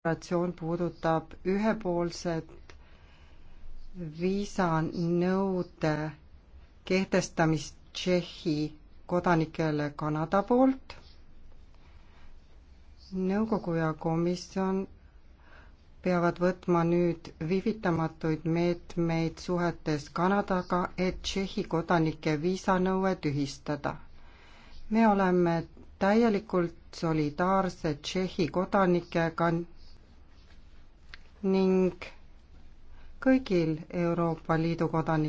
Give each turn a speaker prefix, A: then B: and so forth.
A: operatsioon puudutab ühepoolset viisanõude kehtestamist Tšehhi kodanikele Kanada poolt. nõukogu ja komisjon peavad võtma nüüd viivitamatuid meetmeid suhetes Kanadaga, et Tšehhi kodanike viisanõue tühistada. me oleme täielikult solidaarsed Tšehhi kodanikega ning kõigil Euroopa Liidu
B: kodanikel.